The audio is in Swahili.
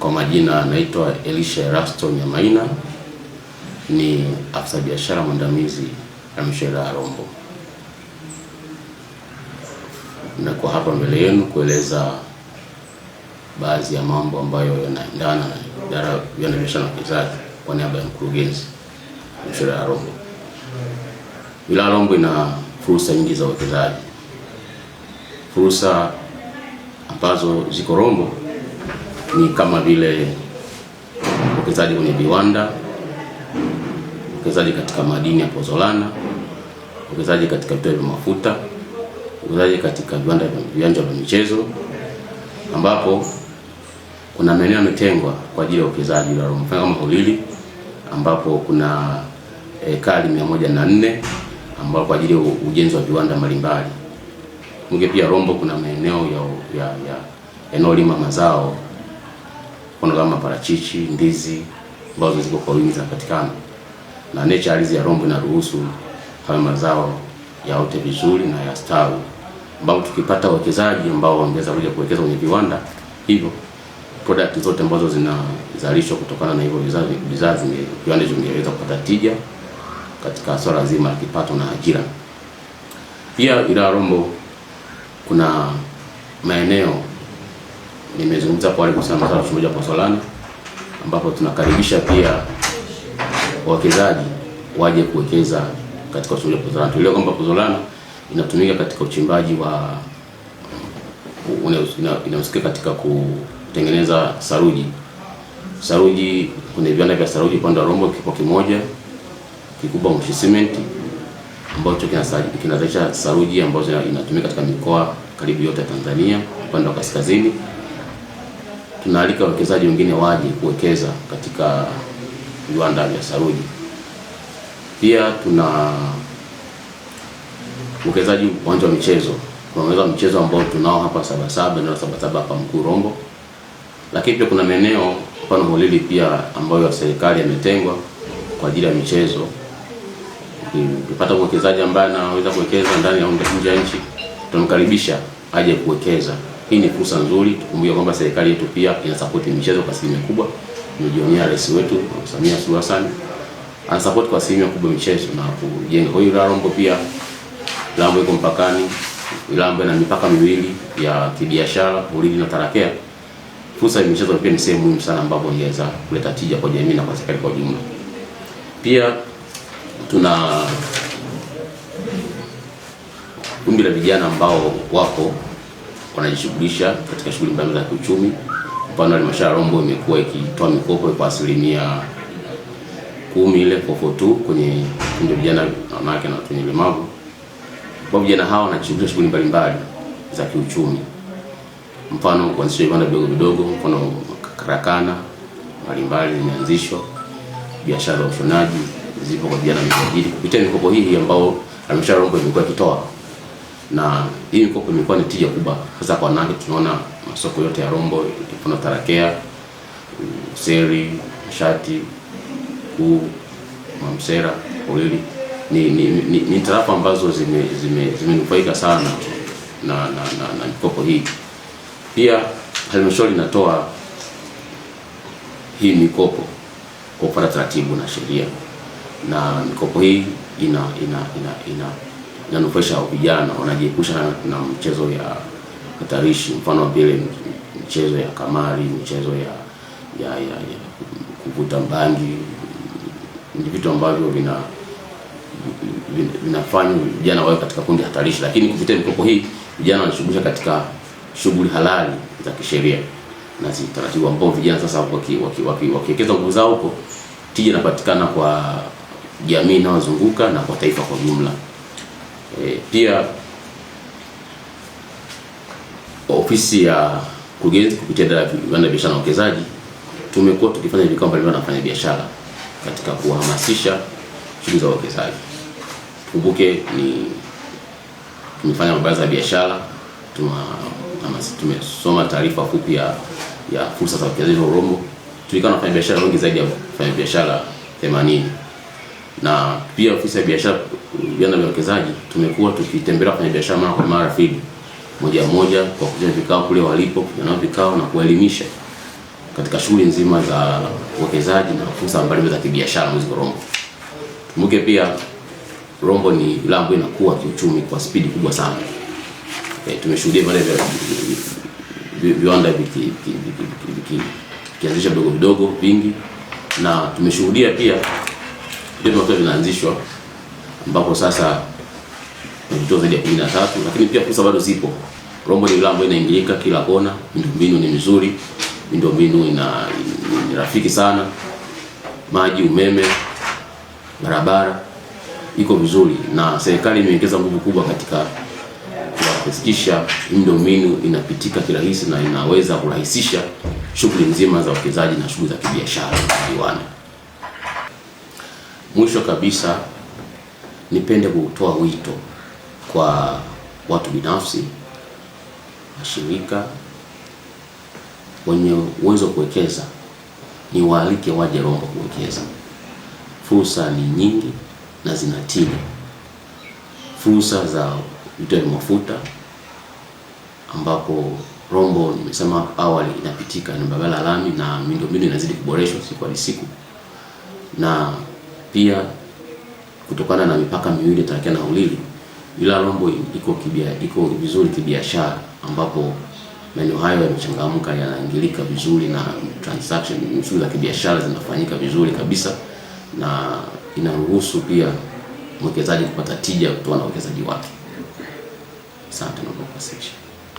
Kwa majina anaitwa Elisha Erasto Nyamaina, ni afisa biashara mwandamizi halmashauri ya Rombo. kwa hapa mbele yenu kueleza baadhi ya mambo ambayo yanaendana na idara ya viwanda, biashara na uwekezaji kwa niaba ya mkurugenzi halmashauri ya Rombo. Wilaya Rombo ina fursa nyingi za uwekezaji, fursa ambazo ziko Rombo ni kama vile uwekezaji kwenye viwanda, uwekezaji katika madini ya pozolana, uwekezaji katika vituo vya mafuta, uwekezaji katika vya viwanja vya michezo, ambapo kuna maeneo yametengwa kwa ajili ya uwekezaji mfano kama Holili ambapo kuna ekari mia moja na nne ambao kwa ajili ya ujenzi wa viwanda mbalimbali. Mge pia Rombo kuna maeneo ya, ya, ya yanayolima mazao mfano kama parachichi, ndizi ambazo ziko kwa wingi zinapatikana, na nature halisi ya Rombo inaruhusu kama mazao yaote vizuri na yastawi, ambao tukipata wawekezaji ambao wangeweza kuja kuwekeza kwenye viwanda hivyo, product zote ambazo zinazalishwa kutokana na hivyo bidhaa zinge viwanda zingeweza kupata tija katika swala zima la kipato na ajira. Pia ila Rombo kuna maeneo nimezungumza kwa wale kuhusiana na masuala ya ambapo tunakaribisha pia wawekezaji waje kuwekeza katika uchimbaji wa Pozzolana. Tuelewe kwamba Pozzolana inatumika katika uchimbaji wa inahusika katika kutengeneza saruji. Saruji kuna viwanda vya saruji upande wa Rombo kipo kimoja kikubwa Moshi Cement ambacho kinazalisha saruji ambazo inatumika katika mikoa karibu yote ya Tanzania upande wa kaskazini tunaalika wawekezaji wengine waje kuwekeza katika viwanda vya saruji. Pia tuna uwekezaji uwanja wa michezo, kuna uwanja wa michezo ambao tunao hapa Sabasaba, eneo la Sabasaba hapa Mkuu Rombo, lakini pia kuna maeneo mfano Holili pia ambayo serikali yametengwa kwa ajili ya michezo. Ukipata mwekezaji ambaye anaweza kuwekeza ndani ya nje ya nchi, tunamkaribisha aje kuwekeza. Hii ni fursa nzuri, tukumbuke kwamba serikali yetu pia inasapoti michezo kwa asilimia kubwa. Tumejionea rais wetu Samia Suluhu Hassan anasapoti kwa asilimia kubwa michezo na kujenga. Kwa hiyo Rombo pia Rombo iko mpakani, Rombo ina mipaka miwili ya kibiashara, Ulili na Tarakea. Fursa ya michezo pia ni sehemu muhimu sana ambapo inaweza kuleta tija kwa jamii na kwa serikali kwa ujumla. Pia tuna kundi la vijana ambao wako wanajishughulisha katika shughuli mbalimbali za kiuchumi. Mfano, halmashauri ya Rombo imekuwa ikitoa mikopo kwa asilimia kumi ile kofo tu kwenye kundi la vijana wanawake na watu wenye ulemavu, kwa vijana hawa wanajishughulisha shughuli mbalimbali za kiuchumi, mfano kuanzisha vibanda vidogo vidogo, mfano karakana mbalimbali zimeanzishwa, biashara za ushonaji zipo kwa vijana kupitia mikopo hii ambao halmashauri ya Rombo imekuwa ikitoa na hii mikopo imekuwa ni tija kubwa hasa kwa wanawake. Tunaona masoko yote ya Rombo kuna Tarakea, seri Mashati, Kuu, Mamsera, Olili ni, ni, ni, ni tarafa ambazo zimenufaika zime, zime sana na na, na, na mikopo hii. Pia halmashauri inatoa hii mikopo kwa kufuata taratibu na sheria, na mikopo hii ina ina ina, ina inanufaisha vijana, wanajiepusha na mchezo ya hatarishi, mfano vile michezo ya kamari, michezo ya ya, ya, ya kuvuta bangi. Ni vitu ambavyo vina vinafanya vijana wawe katika kundi hatarishi, lakini kupitia mikopo hii vijana wanashughulisha katika shughuli halali za kisheria na si taratibu, ambao vijana sasa wakiwekeza waki, waki, nguvu zao huko, tija inapatikana kwa jamii inayozunguka na kwa taifa kwa jumla. E, pia ofisi ya mkurugenzi kupitia idara ya viwanda, biashara na uwekezaji tumekuwa tukifanya vikao mbalimbali na wafanya biashara katika kuhamasisha shughuli za uwekezaji. kumbuke ni tumefanya mabaraza ya biashara, tumesoma taarifa fupi ya ya fursa za uwekezaji wa urombo tulikaa na wafanya biashara wengi zaidi ya wafanya biashara 80 na pia ofisi ya biashara, vijana na wawekezaji, tumekuwa tukitembelea kwenye biashara mara kwa mara field moja moja kwa kuja vikao kule walipo nao vikao na kuelimisha katika shughuli nzima za uwekezaji na fursa mbalimbali za kibiashara mwezi Rombo. Kumbuke pia Rombo ni wilaya ambayo inakuwa kiuchumi kwa spidi kubwa sana. E, tumeshuhudia pale vile viwanda vikianzisha vidogo vidogo vingi na tumeshuhudia pia vyetu navyo vinaanzishwa ambapo sasa ni vituo zaidi ya 13 lakini pia fursa bado zipo. Rombo ni wilaya ambayo inaingilika kila kona, miundombinu ni mizuri, miundombinu ina ni rafiki sana, maji, umeme, barabara iko vizuri, na serikali imewekeza nguvu kubwa katika kuhakikisha miundombinu inapitika kirahisi na inaweza kurahisisha shughuli nzima za uwekezaji na shughuli za kibiashara viwanda. Mwisho kabisa, nipende kutoa wito kwa watu binafsi, mashirika wenye uwezo kuwekeza, ni waalike waje Rombo kuwekeza. Fursa ni nyingi na zina fursa za vituo vya mafuta ambapo Rombo nimesema awali inapitika ni barabara lami na miundombinu inazidi kuboreshwa siku hadi siku na pia kutokana na mipaka miwili Tarakia na ulili ila Rombo iko kibia, iko vizuri kibiashara, ambapo maeneo hayo yamechangamka, yanaingilika vizuri na transaction nzuri za kibiashara zinafanyika vizuri kabisa, na inaruhusu pia mwekezaji kupata tija kutoka na uwekezaji wake. Asante.